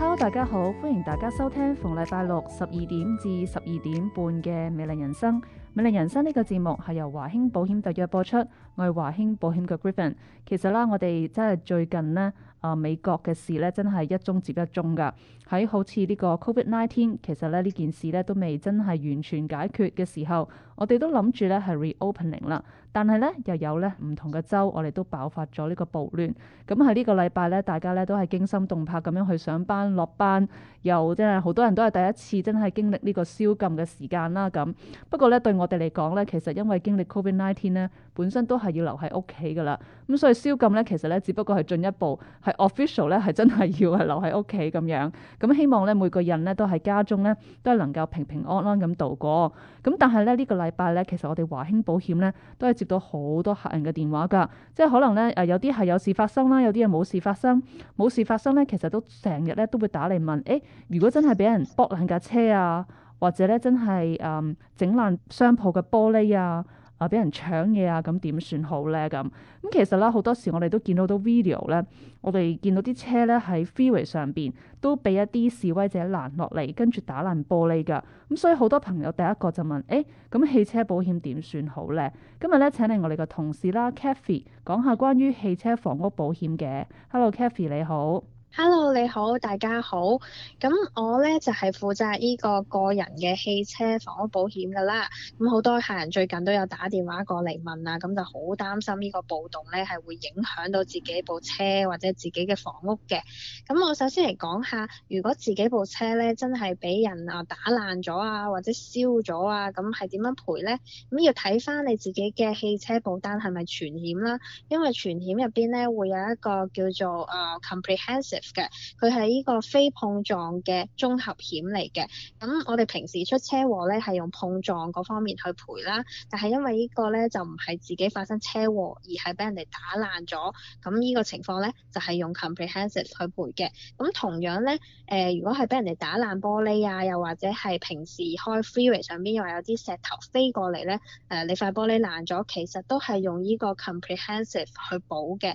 好，Hello, 大家好，歡迎大家收聽逢禮拜六十二點至十二點半嘅《美麗人生》。美麗人生呢個節目係由華興保險特約播出，我係華興保險嘅 Griffin。其實啦，我哋真係最近呢啊、呃、美國嘅事咧，真係一宗接一宗噶。喺好似呢個 Covid nineteen，其實咧呢件事咧都未真係完全解決嘅時候，我哋都諗住咧係 reopening 啦。但係咧又有咧唔同嘅州，我哋都爆發咗呢個暴亂。咁喺呢個禮拜咧，大家咧都係驚心動魄咁樣去上班、落班，又即係好多人都係第一次真係經歷呢個宵禁嘅時間啦。咁不過咧對。我哋嚟講咧，其實因為經歷 Covid nineteen 咧，19, 本身都係要留喺屋企噶啦。咁、嗯、所以宵禁咧，其實咧只不過係進一步係 official 咧，係真係要係留喺屋企咁樣。咁、嗯、希望咧，每個人咧都喺家中咧，都係能夠平平安安咁度過。咁、嗯、但係咧呢、這個禮拜咧，其實我哋華興保險咧都係接到好多客人嘅電話噶，即係可能咧誒有啲係有事發生啦，有啲係冇事發生，冇事發生咧，其實都成日咧都會打嚟問，誒、欸、如果真係俾人博爛架車啊？或者咧真係誒整爛商鋪嘅玻璃啊，啊俾人搶嘢啊，咁點算好咧？咁咁其實啦，好多時我哋都見到好多 video 咧，我哋見到啲車咧喺 freeway 上邊都俾一啲示威者攔落嚟，跟住打爛玻璃㗎。咁所以好多朋友第一個就問：誒、欸、咁汽車保險點算好咧？今日咧請嚟我哋嘅同事啦，Cathy 講下關於汽車房屋保險嘅。Hello，Cathy 你好。Hello，你好，大家好。咁我咧就係、是、負責呢個個人嘅汽車房屋保險噶啦。咁好多客人最近都有打電話過嚟問啊，咁就好擔心呢個暴動咧係會影響到自己部車或者自己嘅房屋嘅。咁我首先嚟講下，如果自己部車咧真係俾人打爛啊打爛咗啊或者燒咗啊，咁係點樣賠咧？咁要睇翻你自己嘅汽車保單係咪全險啦。因為全險入邊咧會有一個叫做啊、uh, comprehensive。嘅，佢係呢個非碰撞嘅綜合險嚟嘅。咁我哋平時出車禍咧，係用碰撞嗰方面去賠啦。但係因為呢個咧就唔係自己發生車禍，而係俾人哋打爛咗。咁呢個情況咧就係用 comprehensive 去賠嘅。咁同樣咧，誒、呃、如果係俾人哋打爛玻璃啊，又或者係平時開 freeway 上邊又話有啲石頭飛過嚟咧，誒、呃、你塊玻璃爛咗，其實都係用呢個 comprehensive 去補嘅。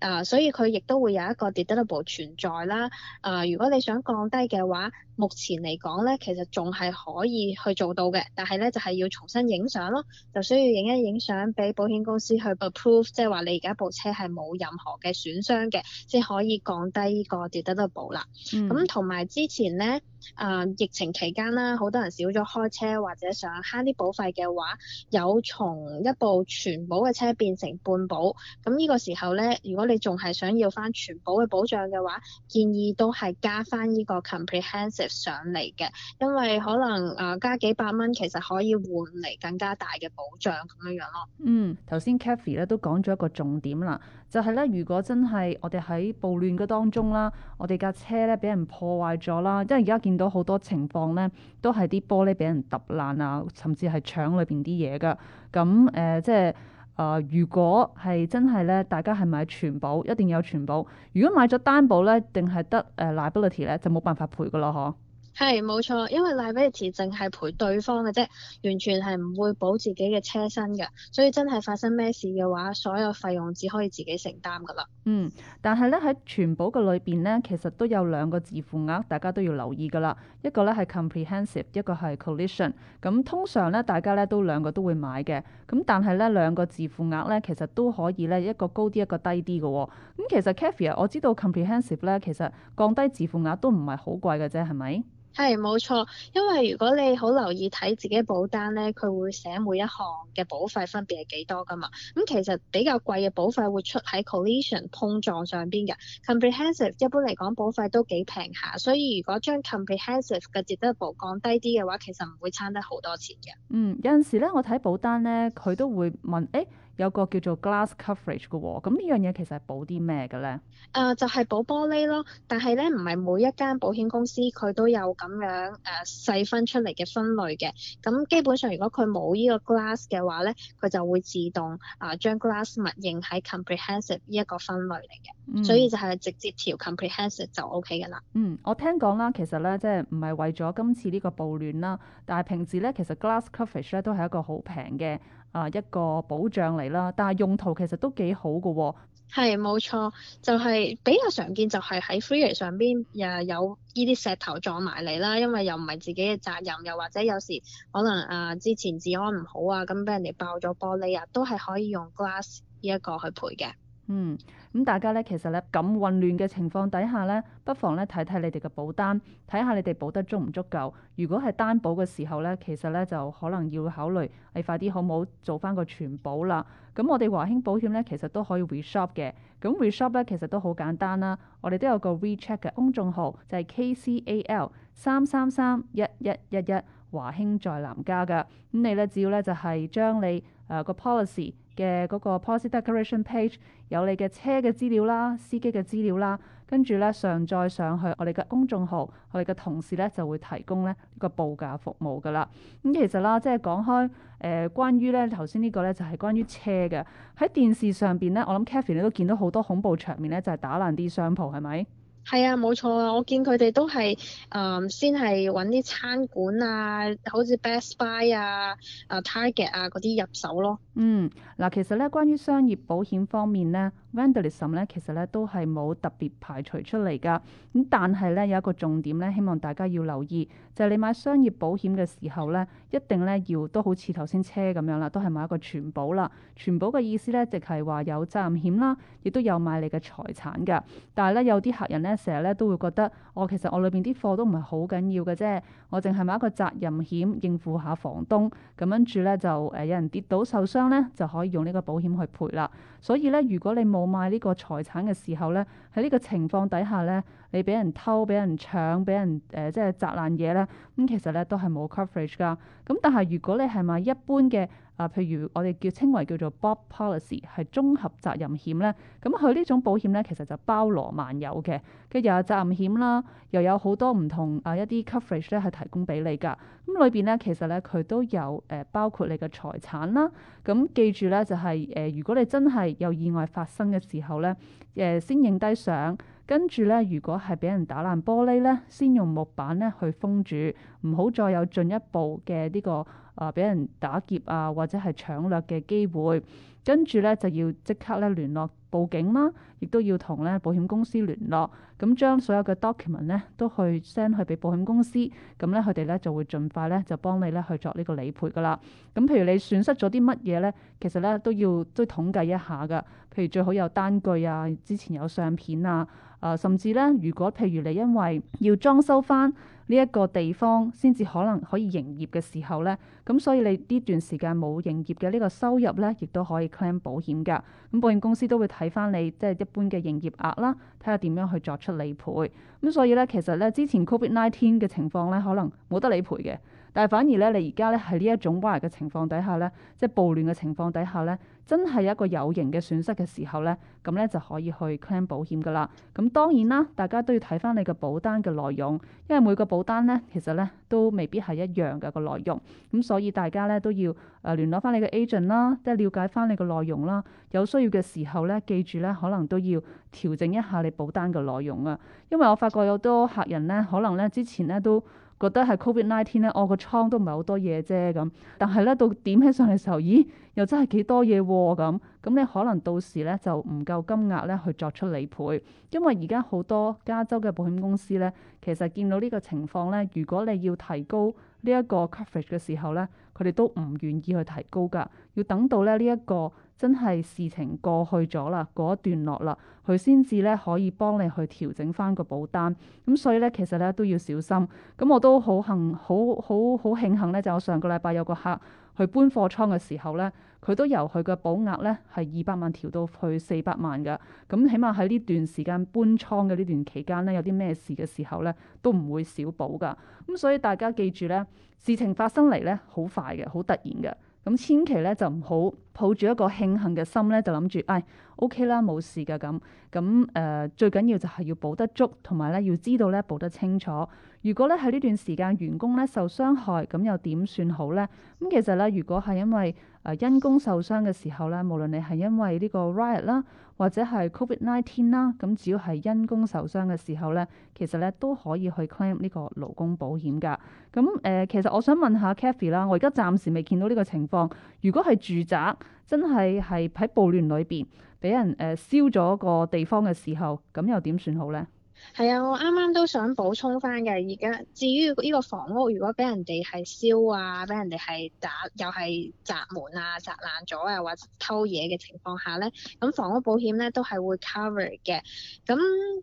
啊、呃，所以佢亦都會有一個 deductible 存存在啦，啊、呃，如果你想降低嘅話，目前嚟講咧，其實仲係可以去做到嘅，但係咧就係、是、要重新影相咯，就需要影一影相俾保險公司去 approve，即係話你而家部車係冇任何嘅損傷嘅，即係可以降低呢個跌得度保啦。咁同埋之前咧，啊、呃，疫情期間啦，好多人少咗開車或者想慳啲保費嘅話，有從一部全保嘅車變成半保，咁、嗯、呢、這個時候咧，如果你仲係想要翻全保嘅保障嘅話，建議都係加翻呢個 comprehensive 上嚟嘅，因為可能誒、呃、加幾百蚊，其實可以換嚟更加大嘅保障咁樣樣咯。嗯，頭先 Cathy 咧都講咗一個重點啦，就係、是、咧如果真係我哋喺暴亂嘅當中啦，我哋架車咧俾人破壞咗啦，因為而家見到好多情況咧，都係啲玻璃俾人揼爛啊，甚至係搶裏邊啲嘢嘅。咁誒、呃，即係。誒、呃，如果係真係咧，大家係買全保，一定有全保。如果買咗單保咧，定係得誒、uh, liability 咧，就冇辦法賠噶咯。嗬。係冇錯，因為 liability 淨係賠對方嘅啫，完全係唔會保自己嘅車身嘅。所以真係發生咩事嘅話，所有費用只可以自己承擔噶啦。嗯，但係咧，喺全保嘅裏邊咧，其實都有兩個自付額，大家都要留意噶啦。一個咧係 comprehensive，一個係 collision，嗯。咁通常咧，大家咧都兩個都會買嘅。咁、嗯、但係咧，兩個自付額咧，其實都可以咧一個高啲，一個低啲噶、哦。咁、嗯、其實 Kathy 啊，我知道 comprehensive 咧，其實降低自付額都唔係好貴嘅啫，係咪？係冇錯，因為如果你好留意睇自己保單咧，佢會寫每一項嘅保費分別係幾多噶嘛。咁、嗯、其實比較貴嘅保費會出喺 collision 碰撞上邊嘅，comprehensive 一般嚟講保費都幾平下，所以如果將 comprehensive 嘅 deductible 降低啲嘅話，其實唔會差得好多錢嘅。嗯，有陣時咧，我睇保單咧，佢都會問，誒、欸。有個叫做 glass coverage 嘅喎、哦，咁呢樣嘢其實係保啲咩嘅咧？誒、呃，就係、是、保玻璃咯。但係咧，唔係每一間保險公司佢都有咁樣誒、呃、細分出嚟嘅分類嘅。咁基本上，如果佢冇呢個 glass 嘅話咧，佢就會自動啊將 glass 默認喺 comprehensive 呢一個分類嚟嘅。所以就係直接調 comprehensive 就 O K 㗎喇。嗯，我聽講啦，其實咧即係唔係為咗今次呢個暴亂啦，但係平時咧其實 glass coverage 咧都係一個好平嘅。啊一個保障嚟啦，但係用途其實都幾好嘅喎、啊。係冇錯，就係、是、比較常見就係喺 freeway 上邊呀有呢啲石頭撞埋嚟啦，因為又唔係自己嘅責任，又或者有時可能啊、呃、之前治安唔好啊，咁俾人哋爆咗玻璃啊，都係可以用 glass 呢一個去賠嘅。嗯，咁大家咧，其實咧咁混亂嘅情況底下咧，不妨咧睇睇你哋嘅保單，睇下你哋保得足唔足夠。如果係單保嘅時候咧，其實咧就可能要考慮，你快啲好唔好做返個全保啦。咁我哋華興保險咧，其實都可以 re shop 嘅。咁 re shop 咧，其實都好簡單啦。我哋都有個 WeChat 嘅公眾號，就係、是、KCAL 三三三一一一一。華興在南加嘅，咁、嗯、你咧只要咧就係、是、將你誒、呃那個 policy 嘅嗰、那個 policy declaration page 有你嘅車嘅資料啦、司機嘅資料啦，跟住咧上載上去我哋嘅公眾號，我哋嘅同事咧就會提供咧個報價服務噶啦。咁、嗯、其實啦，即係講開誒、呃，關於咧頭先呢個咧就係、是、關於車嘅。喺電視上邊咧，我諗 Kathy 你都見到好多恐怖場面咧，就係、是、打爛啲商鋪，係咪？係啊，冇錯啊，我見佢哋都係，誒、呃，先係搵啲餐館啊，好似 Best Buy 啊、啊、uh, Target 啊嗰啲入手咯。嗯，嗱，其實咧，關於商業保險方面咧。vandalism 咧，其實咧都係冇特別排除出嚟㗎。咁但係咧有一個重點咧，希望大家要留意，就係、是、你買商業保險嘅時候咧，一定咧要都好似頭先車咁樣啦，都係買一個全保啦。全保嘅意思咧，即係話有責任險啦，亦都有買你嘅財產㗎。但係咧有啲客人咧，成日咧都會覺得，我、哦、其實我裏邊啲貨都唔係好緊要嘅啫，我淨係買一個責任險應付下房東。咁樣住咧就誒有、呃、人跌倒受傷咧，就可以用呢個保險去賠啦。所以咧，如果你冇賣呢個財產嘅時候咧，喺呢個情況底下咧。你俾人偷、俾人搶、俾人誒、呃，即係砸爛嘢咧，咁、嗯、其實咧都係冇 coverage 噶。咁、嗯、但係如果你係買一般嘅啊，譬如我哋叫稱為叫做 BOP policy 係綜合責任險咧，咁佢呢種保險咧其實就包羅萬有嘅，跟住又有責任險啦，又有好多唔同啊一啲 coverage 咧係提供俾你噶。咁裏邊咧其實咧佢都有誒、呃、包括你嘅財產啦。咁、嗯、記住咧就係、是、誒、呃，如果你真係有意外發生嘅時候咧，誒、呃、先影低相。跟住咧，如果係俾人打爛玻璃咧，先用木板咧去封住，唔好再有進一步嘅呢個呃俾人打劫啊或者係搶掠嘅機會。跟住咧就要即刻咧聯絡報警啦，亦都要同咧保險公司聯絡。咁將、嗯、所有嘅 document 咧都去 send 去俾保險公司，咁咧佢哋咧就會盡快咧就幫你咧去作呢個理賠噶啦。咁、嗯、譬如你損失咗啲乜嘢咧，其實咧都要都要統計一下噶。譬如最好有單據啊，之前有相片啊，啊、呃、甚至咧，如果譬如你因為要裝修翻呢一個地方先至可能可以營業嘅時候咧，咁、嗯、所以你呢段時間冇營業嘅呢個收入咧，亦都可以 claim 保險噶。咁、嗯、保險公司都會睇翻你即係、就是、一般嘅營業額啦，睇下點樣去作出理賠，咁所以咧，其實咧，之前 Covid Nineteen 嘅情況咧，可能冇得理賠嘅。但係反而咧，你而家咧喺呢一種壞嘅情況底下咧，即係暴亂嘅情況底下咧，真係一個有形嘅損失嘅時候咧，咁咧就可以去 claim 保險噶啦。咁、嗯、當然啦，大家都要睇翻你嘅保單嘅內容，因為每個保單咧，其實咧都未必係一樣嘅、嗰個內容。咁、嗯、所以大家咧都要誒聯、呃、絡翻你嘅 agent 啦，即係瞭解翻你嘅內容啦。有需要嘅時候咧，記住咧，可能都要調整一下你保單嘅內容啊。因為我發覺有好多客人咧，可能咧之前咧都。覺得係 Covid Nineteen 咧，我、哦、個倉都唔係好多嘢啫咁，但係咧到點起上嚟時候，咦又真係幾多嘢喎咁，咁、嗯、你可能到時咧就唔夠金額咧去作出理賠，因為而家好多加州嘅保險公司咧，其實見到呢個情況咧，如果你要提高呢一個 coverage 嘅時候咧，佢哋都唔願意去提高噶，要等到咧呢一個。真係事情過去咗啦，過一段落啦，佢先至咧可以幫你去調整翻個保單。咁所以咧，其實咧都要小心。咁我都好幸，好好好慶幸咧，就我上個禮拜有個客去搬貨倉嘅時候咧，佢都由佢嘅保額咧係二百萬調到去四百萬噶。咁起碼喺呢段時間搬倉嘅呢段期間咧，有啲咩事嘅時候咧，都唔會少保噶。咁所以大家記住咧，事情發生嚟咧好快嘅，好突然嘅。咁、嗯、千祈咧就唔好抱住一個慶幸嘅心咧，就諗住，唉 OK 啦，冇事㗎咁。咁誒、嗯呃，最緊要就係要保得足，同埋咧要知道咧保得清楚。如果咧喺呢段時間員工咧受傷害，咁又點算好咧？咁其實咧，如果係因為誒、呃、因公受傷嘅時候咧，無論你係因為呢個 riot 啦，或者係 COVID-19 啦，咁只要係因公受傷嘅時候咧，其實咧都可以去 claim 呢個勞工保險㗎。咁、嗯、誒、呃，其實我想問下 Kathy 啦，我而家暫時未見到呢個情況。如果係住宅真係係喺暴亂裏邊俾人誒燒咗個地方嘅時候，咁又點算好咧？係啊，我啱啱都想補充翻嘅。而家至於呢個房屋，如果俾人哋係燒啊，俾人哋係打，又係砸門啊、砸爛咗啊，或者偷嘢嘅情況下呢，咁房屋保險呢都係會 cover 嘅。咁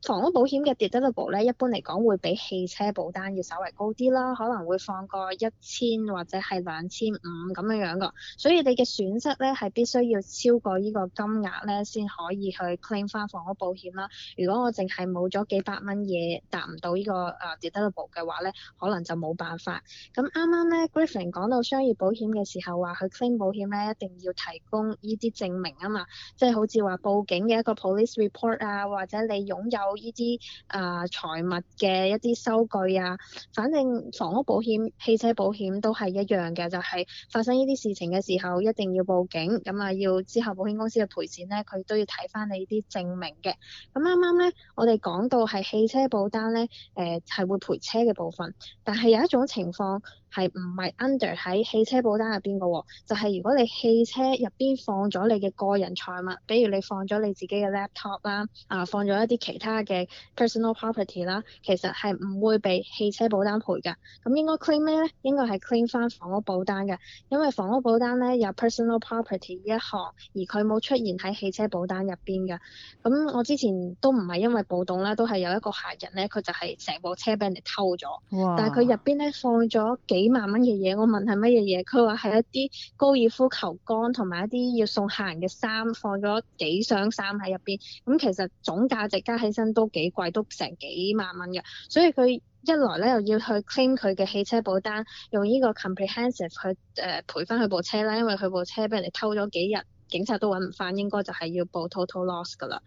房屋保險嘅 deductible 咧，一般嚟講會比汽車保單要稍為高啲啦，可能會放過一千或者係兩千五咁樣樣噶。所以你嘅損失呢，係必須要超過呢個金額呢先可以去 claim 翻房屋保險啦。如果我淨係冇咗幾，百蚊嘢達唔到個呢個啊 deductible 嘅話咧，可能就冇辦法。咁啱啱咧，Griffin 講到商業保險嘅時候，話佢 claim 保險咧一定要提供依啲證明啊嘛，即係好似話報警嘅一個 police report 啊，或者你擁有依啲啊財物嘅一啲收據啊。反正房屋保險、汽車保險都係一樣嘅，就係、是、發生呢啲事情嘅時候，一定要報警，咁啊要之後保險公司嘅賠錢咧，佢都要睇翻你啲證明嘅。咁啱啱咧，我哋講到。係汽車保單咧，誒，呃，係會賠車嘅部分，但係有一種情況。係唔係 under 喺汽車保單入邊嘅？就係、是、如果你汽車入邊放咗你嘅個人財物，比如你放咗你自己嘅 laptop 啦，啊放咗一啲其他嘅 personal property 啦，其實係唔會被汽車保單賠嘅。咁應該 claim 咩咧？應該係 claim 返房屋保單嘅，因為房屋保單咧有 personal property 呢一項，而佢冇出現喺汽車保單入邊嘅。咁、嗯、我之前都唔係因為暴動啦，都係有一個客人咧，佢就係成部車俾人哋偷咗，哇但係佢入邊咧放咗幾幾萬蚊嘅嘢，我問係乜嘢嘢，佢話係一啲高爾夫球桿同埋一啲要送客人嘅衫，放咗幾箱衫喺入邊。咁、嗯、其實總價值加起身都幾貴，都成幾萬蚊嘅。所以佢一來咧，又要去 claim 佢嘅汽車保單，用呢個 comprehensive 去誒賠翻佢部車啦，因為佢部車俾人哋偷咗幾日，警察都揾唔翻，應該就係要報 total loss 㗎啦。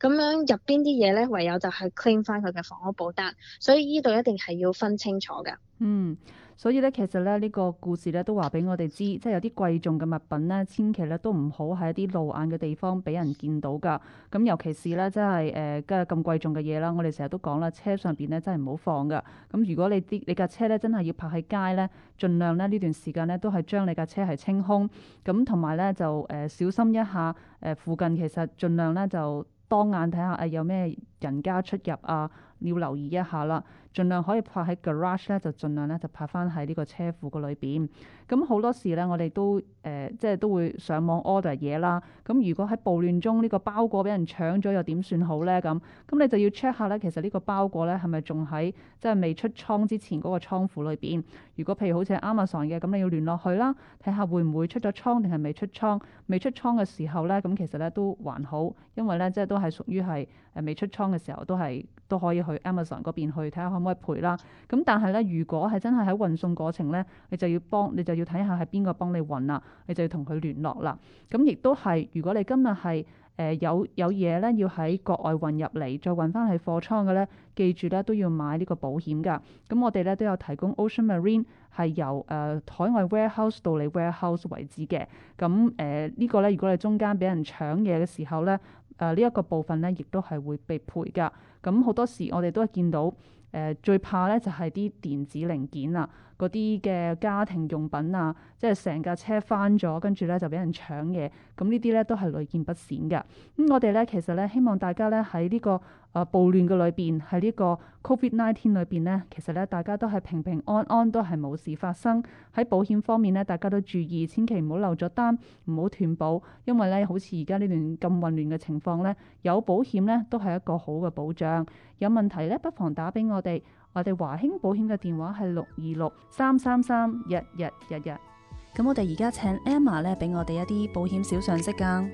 咁樣入邊啲嘢咧，唯有就係 claim 翻佢嘅房屋保單。所以呢度一定係要分清楚㗎。嗯。所以咧，其實咧呢個故事咧都話俾我哋知，即係有啲貴重嘅物品咧，千祈咧都唔好喺啲露眼嘅地方俾人見到㗎。咁尤其是咧，即係今日咁貴重嘅嘢啦，我哋成日都講啦，車上邊咧真係唔好放㗎。咁如果你啲你架車咧真係要泊喺街咧，儘量咧呢段時間咧都係將你架車係清空。咁同埋咧就誒小心一下誒附近其實儘量咧就當眼睇下誒有咩人家出入啊。要留意一下啦，儘量可以拍喺 garage 咧，就儘量咧就拍翻喺呢個車庫個裏邊。咁、嗯、好多時咧，我哋都誒、呃，即係都會上網 order 嘢啦。咁、嗯、如果喺暴亂中呢個包裹俾人搶咗，又點算好咧？咁、嗯、咁、嗯、你就要 check 下咧，其實呢個包裹咧係咪仲喺即係未出倉之前嗰個倉庫裏邊？如果譬如好似 Amazon 嘅，咁你要聯絡去啦，睇下會唔會出咗倉定係未出倉？未出倉嘅時候咧，咁其實咧都還好，因為咧即係都係屬於係誒未出倉嘅時候都係。都可以去 Amazon 嗰邊去睇下可唔可以賠啦。咁、嗯、但係咧，如果係真係喺運送過程咧，你就要幫你就要睇下係邊個幫你運啦，你就要同佢聯絡啦。咁、嗯、亦都係，如果你今日係誒有有嘢咧要喺國外運入嚟，再運翻去貨倉嘅咧，記住咧都要買呢個保險噶。咁、嗯、我哋咧都有提供 Ocean Marine 係由誒、呃、海外 Warehouse 到你 Warehouse 為止嘅。咁、嗯、誒、呃這個、呢個咧，如果你中間俾人搶嘢嘅時候咧。誒呢一個部分咧，亦都係會被賠㗎。咁好多時我哋都係見到誒、呃，最怕咧就係、係、啲電子零件啊。嗰啲嘅家庭用品啊，即係成架車翻咗，跟住咧就俾人搶嘢。咁、嗯、呢啲咧都係屢見不鮮噶。咁、嗯、我哋咧其實咧希望大家咧喺呢、這個誒、呃、暴亂嘅裏邊，喺呢個 Covid Nineteen 裏邊咧，其實咧大家都係平平安安，都係冇事發生。喺保險方面咧，大家都注意，千祈唔好漏咗單，唔好斷保，因為咧好似而家呢段咁混亂嘅情況咧，有保險咧都係一個好嘅保障。有問題咧，不妨打俾我哋。我哋華興保險嘅電話係六二六三三三一一一一。咁我哋而家請 Emma 咧，俾我哋一啲保險小常識噶。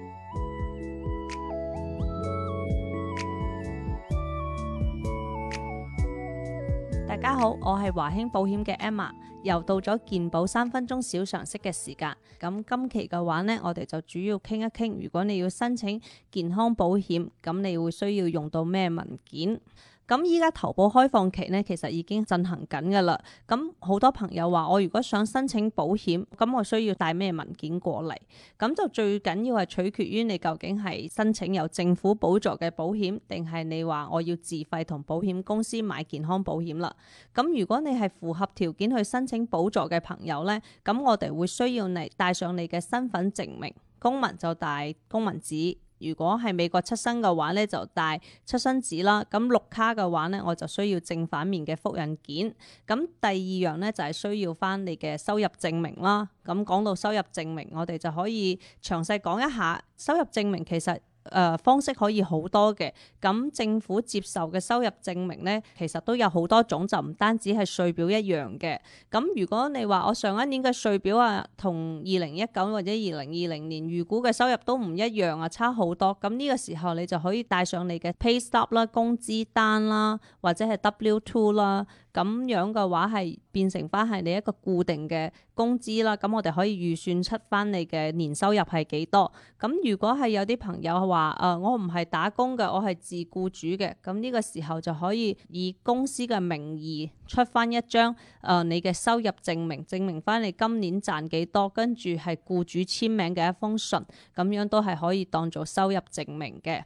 大家好，我係華興保險嘅 Emma，又到咗健保三分鐘小常識嘅時間。咁今期嘅話呢，我哋就主要傾一傾，如果你要申請健康保險，咁你會需要用到咩文件？咁依家投保開放期呢，其實已經進行緊㗎啦。咁好多朋友話：我如果想申請保險，咁我需要帶咩文件過嚟？咁就最緊要係取決於你究竟係申請由政府補助嘅保險，定係你話我要自費同保險公司買健康保險啦。咁如果你係符合條件去申請補助嘅朋友呢，咁我哋會需要你帶上你嘅身份證明，公民就帶公民紙。如果係美國出生嘅話咧，就帶出生紙啦。咁綠卡嘅話咧，我就需要正反面嘅複印件。咁第二樣咧就係需要翻你嘅收入證明啦。咁講到收入證明，我哋就可以詳細講一下收入證明其實。誒、呃、方式可以好多嘅，咁、嗯、政府接受嘅收入證明呢，其實都有好多種，就唔單止係稅表一樣嘅。咁、嗯、如果你話我上一年嘅稅表啊，同二零一九或者二零二零年預估嘅收入都唔一樣啊，差好多，咁、嗯、呢、這個時候你就可以帶上你嘅 pay stub 啦、工資單啦，或者係 W two 啦。咁樣嘅話係變成翻係你一個固定嘅工資啦，咁我哋可以預算出翻你嘅年收入係幾多。咁如果係有啲朋友話誒、呃，我唔係打工嘅，我係自僱主嘅，咁呢個時候就可以以公司嘅名義出翻一張誒、呃、你嘅收入證明，證明翻你今年賺幾多，跟住係僱主簽名嘅一封信，咁樣都係可以當做收入證明嘅。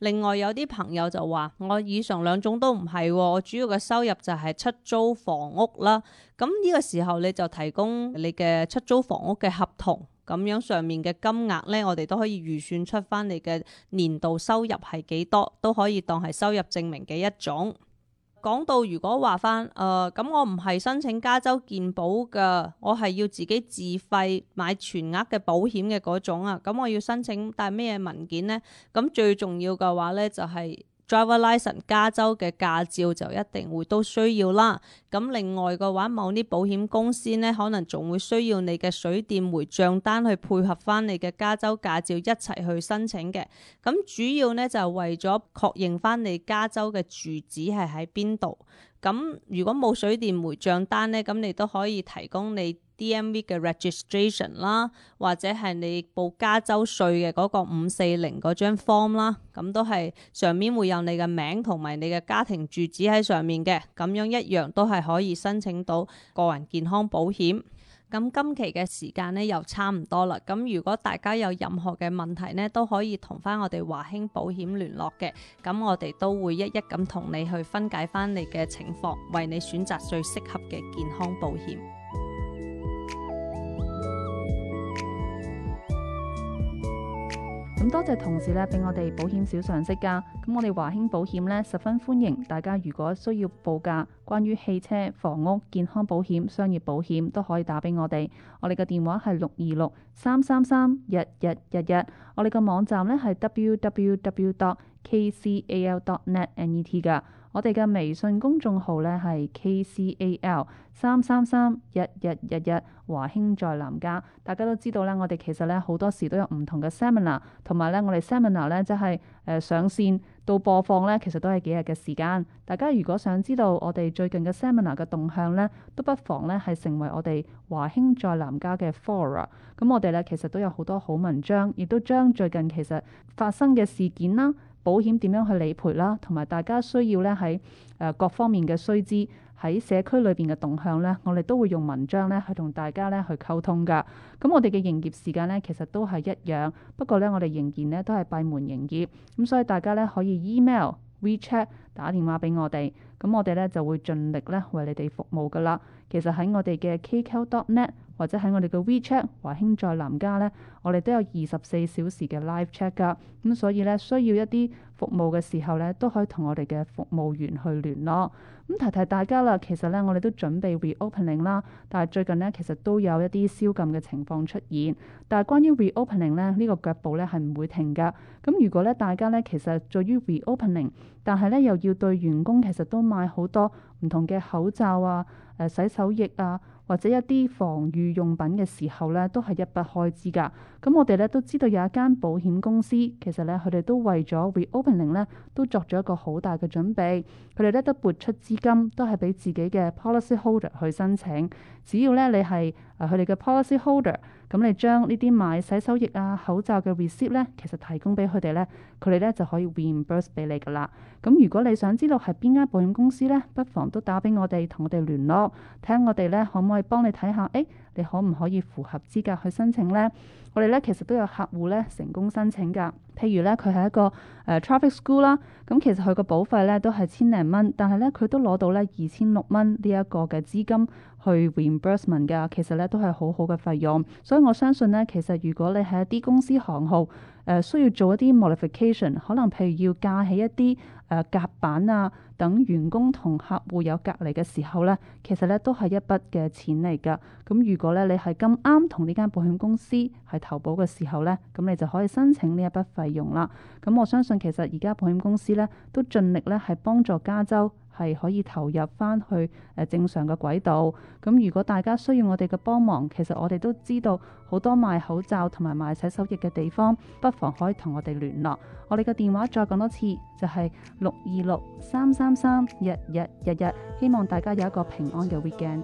另外，有啲朋友就話：我以上兩種都唔係喎，我主要嘅收入就係出租房屋啦。咁呢個時候你就提供你嘅出租房屋嘅合同，咁樣上面嘅金額呢，我哋都可以預算出返你嘅年度收入係幾多，都可以當係收入證明嘅一種。講到如果話返，誒、呃、咁我唔係申請加州健保嘅，我係要自己自費買全額嘅保險嘅嗰種啊，咁我要申請帶咩文件咧？咁最重要嘅話咧就係、是。Driver license 加州嘅駕照就一定會都需要啦。咁另外嘅話，某啲保險公司咧，可能仲會需要你嘅水電煤賬單去配合翻你嘅加州駕照一齊去申請嘅。咁主要咧就為咗確認翻你加州嘅住址係喺邊度。咁如果冇水電煤賬單咧，咁你都可以提供你。DMV 嘅 registration 啦，regist ration, 或者係你報加州稅嘅嗰個五四零嗰張 form 啦，咁都係上面會有你嘅名同埋你嘅家庭住址喺上面嘅，咁樣一樣都係可以申請到個人健康保險。咁今期嘅時間呢又差唔多啦，咁如果大家有任何嘅問題呢，都可以同翻我哋華興保險聯絡嘅，咁我哋都會一一咁同你去分解翻你嘅情況，為你選擇最適合嘅健康保險。咁多謝同事咧，俾我哋保險小常識噶。咁我哋華興保險咧，十分歡迎大家，如果需要報價，關於汽車、房屋、健康保險、商業保險都可以打俾我哋。我哋嘅電話係六二六三三三一一一一。我哋嘅網站咧係 w w w d o g kcal.net.net 噶，我哋嘅微信公眾號咧係 kcal 三三三一一一一華興在南家。大家都知道啦，我哋其實咧好多時都有唔同嘅 seminar，同埋咧我哋 seminar 咧即係誒上線到播放咧，其實都係幾日嘅時間。大家如果想知道我哋最近嘅 seminar 嘅動向咧，都不妨咧係成為我哋華興在南家嘅 forum。咁我哋咧其實都有好多好文章，亦都將最近其實發生嘅事件啦。保險點樣去理賠啦，同埋大家需要咧喺誒各方面嘅須知，喺社區裏邊嘅動向咧，我哋都會用文章咧去同大家咧去溝通噶。咁我哋嘅營業時間咧其實都係一樣，不過咧我哋仍然咧都係閉門營業咁，所以大家咧可以 email、WeChat 打電話俾我哋，咁我哋咧就會盡力咧為你哋服務噶啦。其實喺我哋嘅 KQ dot net。或者喺我哋嘅 WeChat 華興在南家咧，我哋都有二十四小時嘅 live chat 噶，咁、嗯、所以咧需要一啲服務嘅時候咧，都可以同我哋嘅服務員去聯絡。咁、嗯、提提大家啦，其實咧我哋都準備 reopening 啦，但係最近咧其實都有一啲宵禁嘅情況出現。但係關於 reopening 咧呢、呢個腳步咧係唔會停噶。咁、嗯、如果咧大家咧其實對於 reopening，但係咧又要對員工其實都買好多。唔同嘅口罩啊、誒、呃、洗手液啊，或者一啲防禦用品嘅時候咧，都係一筆開支㗎。咁我哋咧都知道有一間保險公司，其實咧佢哋都為咗 reopening 咧，都作咗一個好大嘅準備。佢哋咧都撥出資金，都係俾自己嘅 policy holder 去申請。只要咧你係啊佢哋嘅 policy holder，咁你將呢啲買洗手液啊、口罩嘅 receipt 咧，其實提供俾佢哋咧，佢哋咧就可以 reimburse 俾你㗎喇。咁如果你想知道係邊間保險公司咧，不妨都打俾我哋同我哋聯絡，睇下我哋咧可唔可以幫你睇下，誒、哎、你可唔可以符合資格去申請咧？我哋咧其實都有客戶咧成功申請㗎，譬如咧佢係一個誒 traffic school 啦，咁其實佢個保費咧都係千零蚊，但係咧佢都攞到咧二千六蚊呢一個嘅資金去 reimbursement 㗎，其實咧都係好好嘅費用，所以我相信咧其實如果你係一啲公司行號。誒、呃、需要做一啲 modification，可能譬如要架起一啲誒隔板啊等，員工同客戶有隔離嘅時候咧，其實咧都係一筆嘅錢嚟㗎。咁、嗯、如果咧你係咁啱同呢間保險公司係投保嘅時候咧，咁、嗯、你就可以申請呢一筆費用啦。咁、嗯、我相信其實而家保險公司咧都盡力咧係幫助加州。係可以投入翻去誒正常嘅軌道。咁如果大家需要我哋嘅幫忙，其實我哋都知道好多賣口罩同埋賣洗手液嘅地方，不妨可以同我哋聯絡。我哋嘅電話再講多次，就係六二六三三三日日日日。希望大家有一個平安嘅 weekend。